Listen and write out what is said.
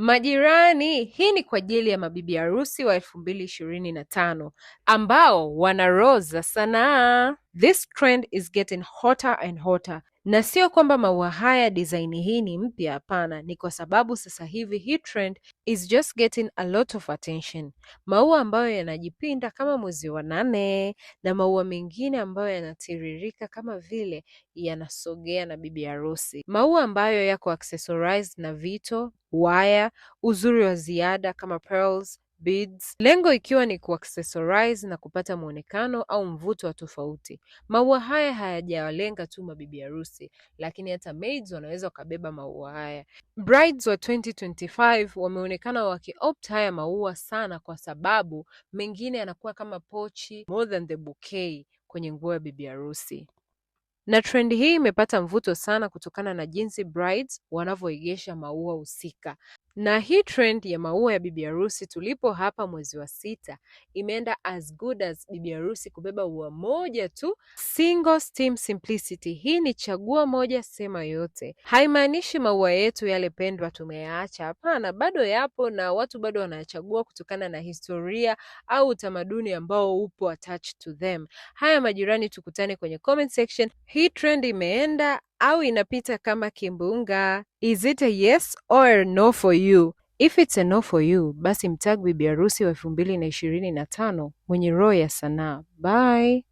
Majirani, hii ni kwa ajili ya mabibi harusi wa elfu mbili ishirini na tano ambao wana roho za sanaa. This trend is getting hotter and hotter, na sio kwamba maua haya design hii ni mpya, hapana. Ni kwa sababu sasa hivi hii trend is just getting a lot of attention. Maua ambayo yanajipinda kama mwezi wa nane na maua mengine ambayo yanatiririka kama vile yanasogea na bibi harusi, maua ambayo yako accessorized na vito waya, uzuri wa ziada kama pearls, beads, lengo ikiwa ni kuaccessorize na kupata mwonekano au mvuto wa tofauti. Maua haya hayajawalenga tu mabibi harusi, lakini hata maids wanaweza wakabeba maua haya. Brides wa 2025 wameonekana wakiopt haya maua sana, kwa sababu mengine yanakuwa kama pochi more than the bouquet kwenye nguo ya bibi harusi na trendi hii imepata mvuto sana kutokana na jinsi brides wanavyoegesha maua husika na hii trend ya maua ya bibi harusi tulipo hapa mwezi wa sita imeenda as good as bibi harusi kubeba ua moja tu. Single stem simplicity, hii ni chagua moja sema yote. Haimaanishi maua yetu yale pendwa tumeyaacha, hapana, bado yapo na watu bado wanachagua kutokana na historia au utamaduni ambao upo attached to them. Haya majirani, tukutane kwenye comment section. Hii trend imeenda au inapita kama kimbunga. Is it a yes or no for you? If it's a no for you, basi mtag bibi harusi wa elfu mbili na ishirini na tano mwenye roho ya sanaa. Bye.